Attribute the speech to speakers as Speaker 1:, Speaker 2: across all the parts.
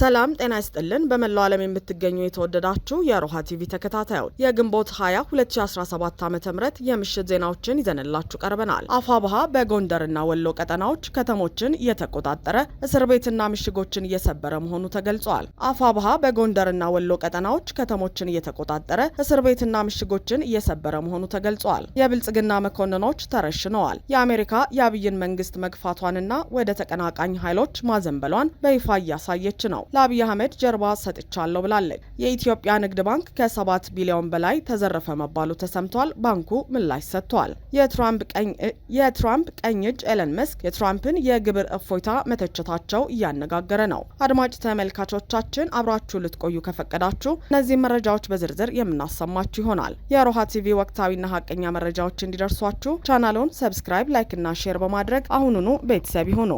Speaker 1: ሰላም ጤና ይስጥልን። በመላው ዓለም የምትገኙ የተወደዳችሁ የሮሃ ቲቪ ተከታታዮች የግንቦት 20 2017 ዓ ም የምሽት ዜናዎችን ይዘንላችሁ ቀርበናል። አፋብሃ በጎንደርና ወሎ ቀጠናዎች ከተሞችን እየተቆጣጠረ እስር ቤትና ምሽጎችን እየሰበረ መሆኑ ተገልጿል። አፋብሃ በጎንደርና ወሎ ቀጠናዎች ከተሞችን እየተቆጣጠረ እስር ቤትና ምሽጎችን እየሰበረ መሆኑ ተገልጿል። የብልጽግና መኮንኖች ተረሽነዋል። የአሜሪካ የአብይን መንግስት መግፋቷንና ወደ ተቀናቃኝ ኃይሎች ማዘንበሏን በይፋ እያሳየች ነው። ለአብይ አህመድ ጀርባ ሰጥቻለሁ ብላለች። የኢትዮጵያ ንግድ ባንክ ከሰባት ቢሊዮን በላይ ተዘረፈ መባሉ ተሰምቷል። ባንኩ ምላሽ ሰጥቷል። የትራምፕ ቀኝ እጅ ኤለን መስክ የትራምፕን የግብር እፎይታ መተቸታቸው እያነጋገረ ነው። አድማጭ ተመልካቾቻችን አብራችሁ ልትቆዩ ከፈቀዳችሁ እነዚህ መረጃዎች በዝርዝር የምናሰማችሁ ይሆናል። የሮሃ ቲቪ ወቅታዊና ሀቀኛ መረጃዎች እንዲደርሷችሁ ቻናሉን ሰብስክራይብ፣ ላይክና ሼር በማድረግ አሁኑኑ ቤተሰብ ይሁኑ።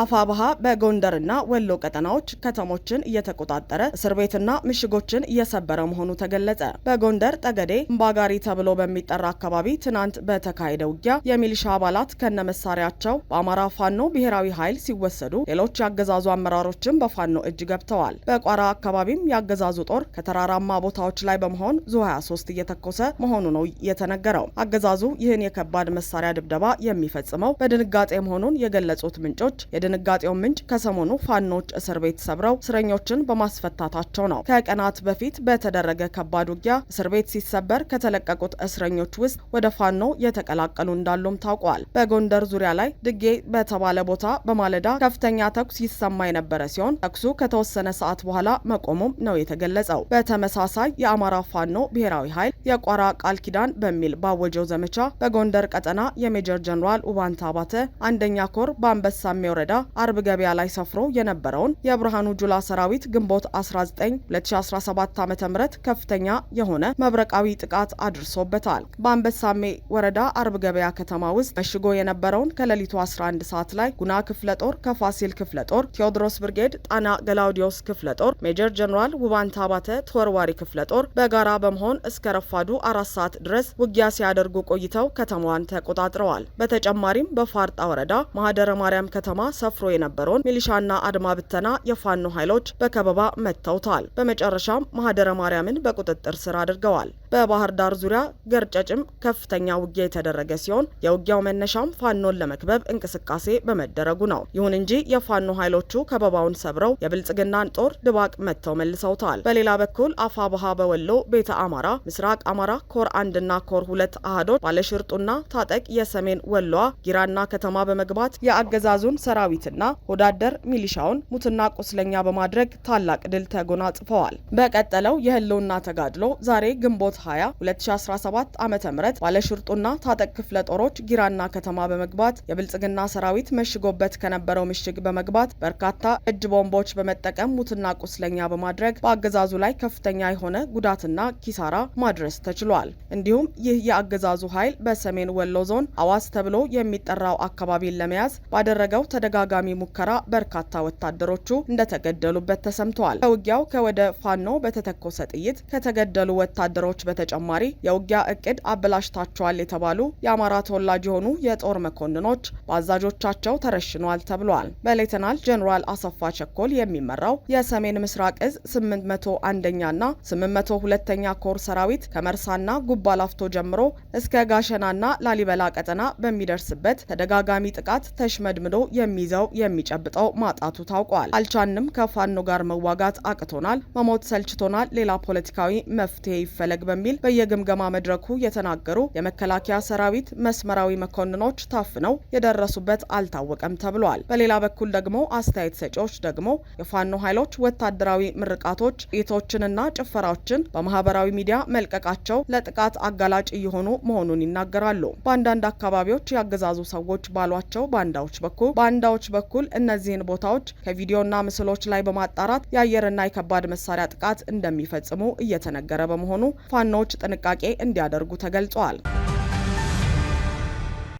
Speaker 1: አፋብሃ በጎንደርና ወሎ ቀጠናዎች ከተሞችን እየተቆጣጠረ እስር ቤትና ምሽጎችን እየሰበረ መሆኑ ተገለጸ። በጎንደር ጠገዴ እምባጋሪ ተብሎ በሚጠራ አካባቢ ትናንት በተካሄደ ውጊያ የሚሊሻ አባላት ከነመሳሪያቸው በአማራ ፋኖ ብሔራዊ ኃይል ሲወሰዱ፣ ሌሎች ያገዛዙ አመራሮችም በፋኖ እጅ ገብተዋል። በቋራ አካባቢም ያገዛዙ ጦር ከተራራማ ቦታዎች ላይ በመሆን ዙ 23 እየተኮሰ መሆኑ ነው የተነገረው። አገዛዙ ይህን የከባድ መሳሪያ ድብደባ የሚፈጽመው በድንጋጤ መሆኑን የገለጹት ምንጮች የድንጋጤው ምንጭ ከሰሞኑ ፋኖች እስር ቤት ሰብረው እስረኞችን በማስፈታታቸው ነው። ከቀናት በፊት በተደረገ ከባድ ውጊያ እስር ቤት ሲሰበር ከተለቀቁት እስረኞች ውስጥ ወደ ፋኖ የተቀላቀሉ እንዳሉም ታውቋል። በጎንደር ዙሪያ ላይ ድጌ በተባለ ቦታ በማለዳ ከፍተኛ ተኩስ ይሰማ የነበረ ሲሆን ተኩሱ ከተወሰነ ሰዓት በኋላ መቆሙም ነው የተገለጸው። በተመሳሳይ የአማራ ፋኖ ብሔራዊ ኃይል የቋራ ቃል ኪዳን በሚል ባወጀው ዘመቻ በጎንደር ቀጠና የሜጀር ጀኔራል ውባንታ አባተ አንደኛ ኮር በአንበሳሜ ወረዳ አርብ ገበያ ላይ ሰፍሮ የነበረውን የብርሃኑ ጁላ ሰራዊት ግንቦት 19 2017 ዓ ም ከፍተኛ የሆነ መብረቃዊ ጥቃት አድርሶበታል። በአንበሳሜ ወረዳ አርብ ገበያ ከተማ ውስጥ መሽጎ የነበረውን ከሌሊቱ 11 ሰዓት ላይ ጉና ክፍለ ጦር ከፋሲል ክፍለ ጦር፣ ቴዎድሮስ ብርጌድ፣ ጣና ገላውዲዮስ ክፍለ ጦር፣ ሜጀር ጀኔራል ውባንታ አባተ ተወርዋሪ ክፍለ ጦር በጋራ በመሆን እስከ ረፋዱ አራት ሰዓት ድረስ ውጊያ ሲያደርጉ ቆይተው ከተማዋን ተቆጣጥረዋል። በተጨማሪም በፋርጣ ወረዳ ማህደረ ማርያም ከተማ ሰፍሮ የነበረውን ሚሊሻና አድማ ብተና የፋኖ ኃይሎች በከበባ መትተውታል። በመጨረሻም ማህደረ ማርያምን በቁጥጥር ስር አድርገዋል። በባህር ዳር ዙሪያ ገርጨጭም ከፍተኛ ውጊያ የተደረገ ሲሆን የውጊያው መነሻም ፋኖን ለመክበብ እንቅስቃሴ በመደረጉ ነው። ይሁን እንጂ የፋኖ ኃይሎቹ ከበባውን ሰብረው የብልጽግናን ጦር ድባቅ መጥተው መልሰውታል። በሌላ በኩል አፋ ባሃ በወሎ ቤተ አማራ፣ ምስራቅ አማራ ኮር አንድና ኮር ሁለት አህዶች ባለሽርጡና ታጠቅ የሰሜን ወሎዋ ጊራና ከተማ በመግባት የአገዛዙን ሰራ ሰራዊትና ወዳደር ሚሊሻውን ሙትና ቁስለኛ በማድረግ ታላቅ ድል ተጎናጽፈዋል። በቀጠለው የህልውና ተጋድሎ ዛሬ ግንቦት 20 2017 ዓ ም ባለሽርጡና ታጠቅ ክፍለ ጦሮች ጊራና ከተማ በመግባት የብልጽግና ሰራዊት መሽጎበት ከነበረው ምሽግ በመግባት በርካታ እጅ ቦምቦች በመጠቀም ሙትና ቁስለኛ በማድረግ በአገዛዙ ላይ ከፍተኛ የሆነ ጉዳትና ኪሳራ ማድረስ ተችሏል። እንዲሁም ይህ የአገዛዙ ኃይል በሰሜን ወሎ ዞን አዋስ ተብሎ የሚጠራው አካባቢን ለመያዝ ባደረገው ተደጋ በተደጋጋሚ ሙከራ በርካታ ወታደሮቹ እንደተገደሉበት ተሰምተዋል። በውጊያው ከወደ ፋኖ በተተኮሰ ጥይት ከተገደሉ ወታደሮች በተጨማሪ የውጊያ እቅድ አበላሽታቸዋል የተባሉ የአማራ ተወላጅ የሆኑ የጦር መኮንኖች በአዛዦቻቸው ተረሽኗል ተብሏል። በሌተናል ጀኔራል አሰፋ ቸኮል የሚመራው የሰሜን ምስራቅ እዝ 801ኛና 802ኛ ኮር ሰራዊት ከመርሳና ጉባ ላፍቶ ጀምሮ እስከ ጋሸናና ላሊበላ ቀጠና በሚደርስበት ተደጋጋሚ ጥቃት ተሽመድምዶ የሚ ይዘው የሚጨብጠው ማጣቱ ታውቋል። አልቻንም ከፋኖ ጋር መዋጋት አቅቶናል፣ መሞት ሰልችቶናል፣ ሌላ ፖለቲካዊ መፍትሄ ይፈለግ በሚል በየግምገማ መድረኩ የተናገሩ የመከላከያ ሰራዊት መስመራዊ መኮንኖች ታፍነው የደረሱበት አልታወቀም ተብሏል። በሌላ በኩል ደግሞ አስተያየት ሰጪዎች ደግሞ የፋኖ ኃይሎች ወታደራዊ ምርቃቶች፣ ጥይቶችንና ጭፈራዎችን በማህበራዊ ሚዲያ መልቀቃቸው ለጥቃት አጋላጭ እየሆኑ መሆኑን ይናገራሉ። በአንዳንድ አካባቢዎች ያገዛዙ ሰዎች ባሏቸው ባንዳዎች በኩል ባንዳው በሚዲያዎች በኩል እነዚህን ቦታዎች ከቪዲዮና ምስሎች ላይ በማጣራት የአየርና የከባድ መሳሪያ ጥቃት እንደሚፈጽሙ እየተነገረ በመሆኑ ፋኖዎች ጥንቃቄ እንዲያደርጉ ተገልጿል።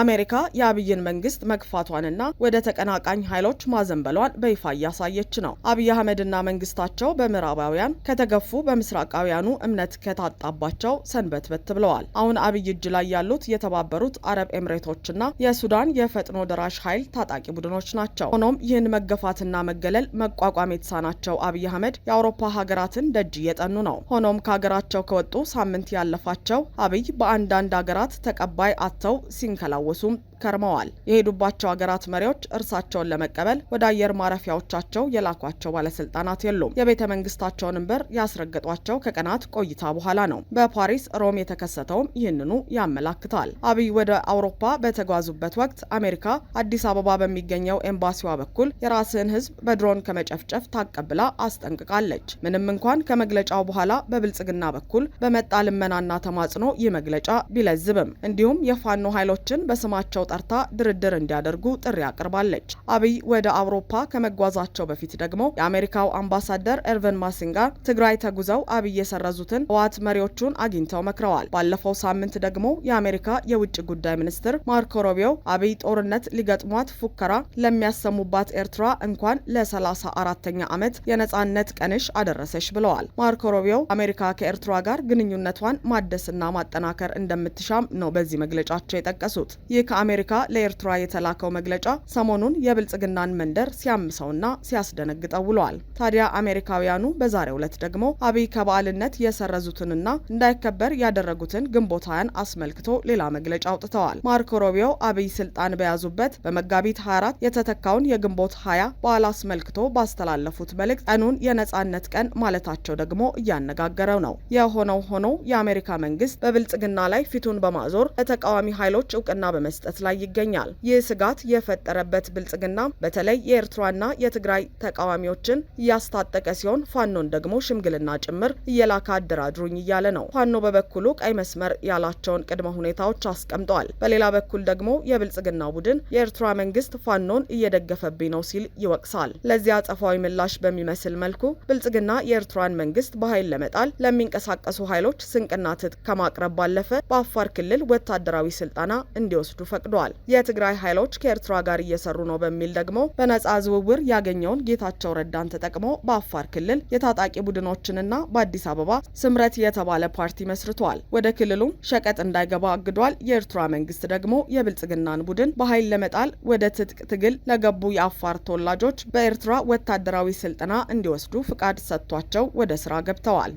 Speaker 1: አሜሪካ የአብይን መንግስት መግፋቷንና ወደ ተቀናቃኝ ኃይሎች ማዘንበሏን በይፋ እያሳየች ነው። አብይ አህመድና መንግስታቸው በምዕራባውያን ከተገፉ፣ በምስራቃውያኑ እምነት ከታጣባቸው በት ብለዋል። አሁን አብይ እጅ ላይ ያሉት የተባበሩት አረብ ኤምሬቶችና የሱዳን የፈጥኖ ደራሽ ኃይል ታጣቂ ቡድኖች ናቸው። ሆኖም ይህን መገፋትና መገለል መቋቋም የተሳናቸው አብይ አህመድ የአውሮፓ ሀገራትን ደጅ እየጠኑ ነው። ሆኖም ከሀገራቸው ከወጡ ሳምንት ያለፋቸው አብይ በአንዳንድ ሀገራት ተቀባይ አጥተው ሲንከላው እንዲያስታውሱም ከርመዋል። የሄዱባቸው ሀገራት መሪዎች እርሳቸውን ለመቀበል ወደ አየር ማረፊያዎቻቸው የላኳቸው ባለስልጣናት የሉም። የቤተ መንግስታቸውንም በር ያስረገጧቸው ከቀናት ቆይታ በኋላ ነው። በፓሪስ ሮም የተከሰተውም ይህንኑ ያመላክታል። አብይ ወደ አውሮፓ በተጓዙበት ወቅት አሜሪካ አዲስ አበባ በሚገኘው ኤምባሲዋ በኩል የራስን ህዝብ በድሮን ከመጨፍጨፍ ታቀብላ አስጠንቅቃለች። ምንም እንኳን ከመግለጫው በኋላ በብልጽግና በኩል በመጣ ልመናና ተማጽኖ ይህ መግለጫ ቢለዝብም እንዲሁም የፋኖ ኃይሎችን በስማቸው ጠርታ ድርድር እንዲያደርጉ ጥሪ አቅርባለች። አብይ ወደ አውሮፓ ከመጓዛቸው በፊት ደግሞ የአሜሪካው አምባሳደር ኤርቨን ጋር ትግራይ ተጉዘው አብይ የሰረዙትን ህወሓት መሪዎቹን አግኝተው መክረዋል። ባለፈው ሳምንት ደግሞ የአሜሪካ የውጭ ጉዳይ ሚኒስትር ማርኮ ሮቢዮ አብይ ጦርነት ሊገጥሟት ፉከራ ለሚያሰሙባት ኤርትራ እንኳን ለሰላሳ አራተኛ ዓመት የነጻነት ቀንሽ አደረሰሽ ብለዋል። ማርኮ ሮቢዮ አሜሪካ ከኤርትራ ጋር ግንኙነቷን ማደስና ማጠናከር እንደምትሻም ነው በዚህ መግለጫቸው የጠቀሱት። ይህ ከአሜሪካ ለኤርትራ የተላከው መግለጫ ሰሞኑን የብልጽግናን መንደር ሲያምሰውና ሲያስደነግጠው ውለዋል። ታዲያ አሜሪካውያኑ በዛሬው ዕለት ደግሞ አብይ ከበዓልነት የሰረዙትንና እንዳይከበር ያደረጉትን ግንቦት ሃያን አስመልክቶ ሌላ መግለጫ አውጥተዋል። ማርኮ ሮቢዮ አብይ ስልጣን በያዙበት በመጋቢት 24 የተተካውን የግንቦት 20 በዓል አስመልክቶ ባስተላለፉት መልእክት ቀኑን የነጻነት ቀን ማለታቸው ደግሞ እያነጋገረው ነው። የሆነው ሆኖ የአሜሪካ መንግስት በብልጽግና ላይ ፊቱን በማዞር ለተቃዋሚ ኃይሎች እውቅና እውቅና በመስጠት ላይ ይገኛል። ይህ ስጋት የፈጠረበት ብልጽግና በተለይ የኤርትራና የትግራይ ተቃዋሚዎችን እያስታጠቀ ሲሆን ፋኖን ደግሞ ሽምግልና ጭምር እየላከ አደራድሩኝ እያለ ነው። ፋኖ በበኩሉ ቀይ መስመር ያላቸውን ቅድመ ሁኔታዎች አስቀምጠዋል። በሌላ በኩል ደግሞ የብልጽግና ቡድን የኤርትራ መንግስት ፋኖን እየደገፈብኝ ነው ሲል ይወቅሳል። ለዚያ አጸፋዊ ምላሽ በሚመስል መልኩ ብልጽግና የኤርትራን መንግስት በኃይል ለመጣል ለሚንቀሳቀሱ ኃይሎች ስንቅና ትጥቅ ከማቅረብ ባለፈ በአፋር ክልል ወታደራዊ ስልጠና እንዲ እንዲወስዱ ፈቅደዋል። የትግራይ ኃይሎች ከኤርትራ ጋር እየሰሩ ነው በሚል ደግሞ በነጻ ዝውውር ያገኘውን ጌታቸው ረዳን ተጠቅሞ በአፋር ክልል የታጣቂ ቡድኖችንና በአዲስ አበባ ስምረት የተባለ ፓርቲ መስርተዋል። ወደ ክልሉም ሸቀጥ እንዳይገባ አግዷል። የኤርትራ መንግስት ደግሞ የብልጽግናን ቡድን በኃይል ለመጣል ወደ ትጥቅ ትግል ለገቡ የአፋር ተወላጆች በኤርትራ ወታደራዊ ስልጠና እንዲወስዱ ፍቃድ ሰጥቷቸው ወደ ስራ ገብተዋል።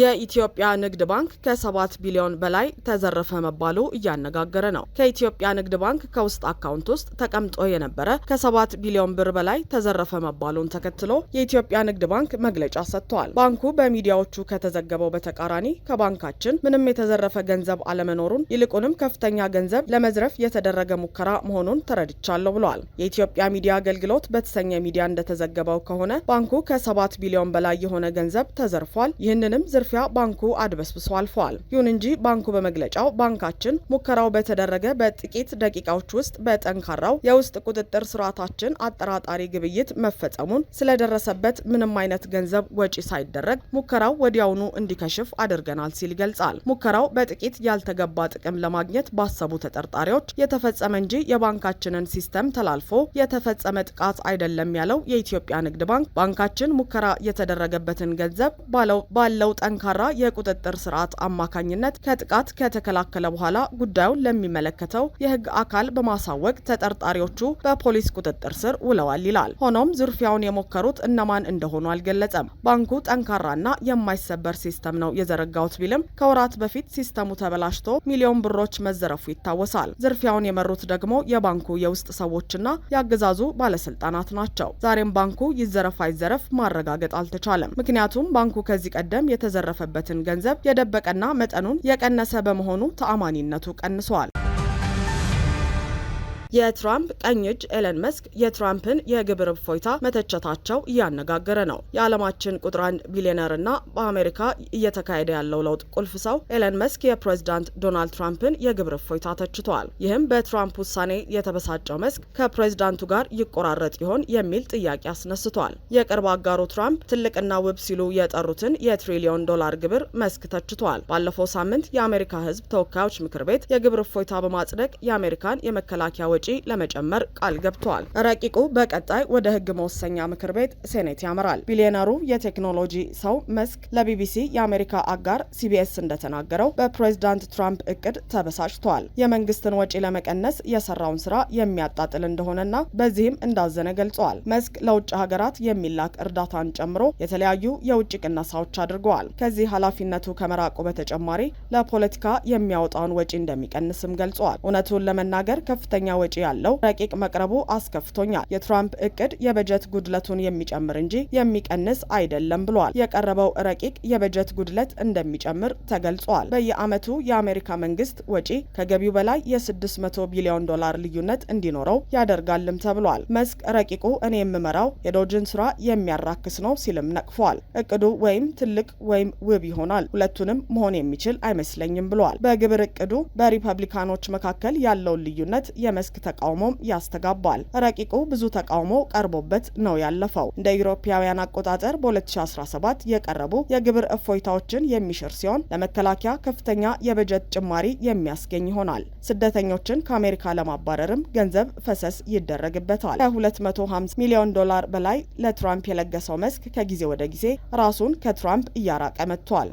Speaker 1: የኢትዮጵያ ንግድ ባንክ ከሰባት ቢሊዮን በላይ ተዘረፈ መባሉ እያነጋገረ ነው። ከኢትዮጵያ ንግድ ባንክ ከውስጥ አካውንት ውስጥ ተቀምጦ የነበረ ከሰባት ቢሊዮን ብር በላይ ተዘረፈ መባሉን ተከትሎ የኢትዮጵያ ንግድ ባንክ መግለጫ ሰጥተዋል። ባንኩ በሚዲያዎቹ ከተዘገበው በተቃራኒ ከባንካችን ምንም የተዘረፈ ገንዘብ አለመኖሩን ይልቁንም ከፍተኛ ገንዘብ ለመዝረፍ የተደረገ ሙከራ መሆኑን ተረድቻለሁ ብለዋል። የኢትዮጵያ ሚዲያ አገልግሎት በተሰኘ ሚዲያ እንደተዘገበው ከሆነ ባንኩ ከሰባት ቢሊዮን በላይ የሆነ ገንዘብ ተዘርፏል። ይህንንም ዝርፊያ ባንኩ አድበስብሶ አልፈዋል። ይሁን እንጂ ባንኩ በመግለጫው ባንካችን ሙከራው በተደረገ በጥቂት ደቂቃዎች ውስጥ በጠንካራው የውስጥ ቁጥጥር ስርዓታችን አጠራጣሪ ግብይት መፈጸሙን ስለደረሰበት ምንም አይነት ገንዘብ ወጪ ሳይደረግ ሙከራው ወዲያውኑ እንዲከሽፍ አድርገናል ሲል ይገልጻል። ሙከራው በጥቂት ያልተገባ ጥቅም ለማግኘት ባሰቡ ተጠርጣሪዎች የተፈጸመ እንጂ የባንካችንን ሲስተም ተላልፎ የተፈጸመ ጥቃት አይደለም ያለው የኢትዮጵያ ንግድ ባንክ ባንካችን ሙከራ የተደረገበትን ገንዘብ ባለው ጠ ጠንካራ የቁጥጥር ስርዓት አማካኝነት ከጥቃት ከተከላከለ በኋላ ጉዳዩን ለሚመለከተው የህግ አካል በማሳወቅ ተጠርጣሪዎቹ በፖሊስ ቁጥጥር ስር ውለዋል ይላል። ሆኖም ዝርፊያውን የሞከሩት እነማን እንደሆኑ አልገለጸም። ባንኩ ጠንካራና የማይሰበር ሲስተም ነው የዘረጋውት ቢልም ከወራት በፊት ሲስተሙ ተበላሽቶ ሚሊዮን ብሮች መዘረፉ ይታወሳል። ዝርፊያውን የመሩት ደግሞ የባንኩ የውስጥ ሰዎችና የአገዛዙ ባለስልጣናት ናቸው። ዛሬም ባንኩ ይዘረፍ አይዘረፍ ማረጋገጥ አልተቻለም። ምክንያቱም ባንኩ ከዚህ ቀደም የተዘረ የተዘረፈበትን ገንዘብ የደበቀና መጠኑን የቀነሰ በመሆኑ ተአማኒነቱ ቀንሷል። የትራምፕ ቀኝ እጅ ኤለን መስክ የትራምፕን የግብር እፎይታ መተቸታቸው እያነጋገረ ነው። የዓለማችን ቁጥር አንድ ቢሊዮነርና በአሜሪካ እየተካሄደ ያለው ለውጥ ቁልፍ ሰው ኤለን መስክ የፕሬዚዳንት ዶናልድ ትራምፕን የግብር እፎይታ ተችቷል። ይህም በትራምፕ ውሳኔ የተበሳጨው መስክ ከፕሬዚዳንቱ ጋር ይቆራረጥ ይሆን የሚል ጥያቄ አስነስቷል። የቅርብ አጋሩ ትራምፕ ትልቅና ውብ ሲሉ የጠሩትን የትሪሊዮን ዶላር ግብር መስክ ተችቷል። ባለፈው ሳምንት የአሜሪካ ሕዝብ ተወካዮች ምክር ቤት የግብር እፎይታ በማጽደቅ የአሜሪካን የመከላከያ ወጪ ወጪ ለመጨመር ቃል ገብተዋል። ረቂቁ በቀጣይ ወደ ሕግ መወሰኛ ምክር ቤት ሴኔት ያመራል። ቢሊዮነሩ የቴክኖሎጂ ሰው መስክ ለቢቢሲ የአሜሪካ አጋር ሲቢኤስ እንደተናገረው በፕሬዝዳንት ትራምፕ እቅድ ተበሳጭተዋል። የመንግስትን ወጪ ለመቀነስ የሰራውን ስራ የሚያጣጥል እንደሆነና በዚህም እንዳዘነ ገልጸዋል። መስክ ለውጭ ሀገራት የሚላክ እርዳታን ጨምሮ የተለያዩ የውጭ ቅነሳዎች አድርገዋል። ከዚህ ኃላፊነቱ ከመራቁ በተጨማሪ ለፖለቲካ የሚያወጣውን ወጪ እንደሚቀንስም ገልጸዋል። እውነቱን ለመናገር ከፍተኛ ወጪ ወጪ ያለው ረቂቅ መቅረቡ አስከፍቶኛል። የትራምፕ እቅድ የበጀት ጉድለቱን የሚጨምር እንጂ የሚቀንስ አይደለም ብሏል። የቀረበው ረቂቅ የበጀት ጉድለት እንደሚጨምር ተገልጿል። በየአመቱ የአሜሪካ መንግስት ወጪ ከገቢው በላይ የ600 ቢሊዮን ዶላር ልዩነት እንዲኖረው ያደርጋልም ተብሏል። መስክ ረቂቁ እኔ የምመራው የዶጅን ስራ የሚያራክስ ነው ሲልም ነቅፏል። እቅዱ ወይም ትልቅ ወይም ውብ ይሆናል፣ ሁለቱንም መሆን የሚችል አይመስለኝም ብሏል። በግብር እቅዱ በሪፐብሊካኖች መካከል ያለውን ልዩነት የመስክ ጥብቅ ተቃውሞም ያስተጋባል። ረቂቁ ብዙ ተቃውሞ ቀርቦበት ነው ያለፈው። እንደ ኢውሮፓውያን አቆጣጠር በ2017 የቀረቡ የግብር እፎይታዎችን የሚሽር ሲሆን ለመከላከያ ከፍተኛ የበጀት ጭማሪ የሚያስገኝ ይሆናል። ስደተኞችን ከአሜሪካ ለማባረርም ገንዘብ ፈሰስ ይደረግበታል። ከ250 ሚሊዮን ዶላር በላይ ለትራምፕ የለገሰው መስክ ከጊዜ ወደ ጊዜ ራሱን ከትራምፕ እያራቀ መጥቷል።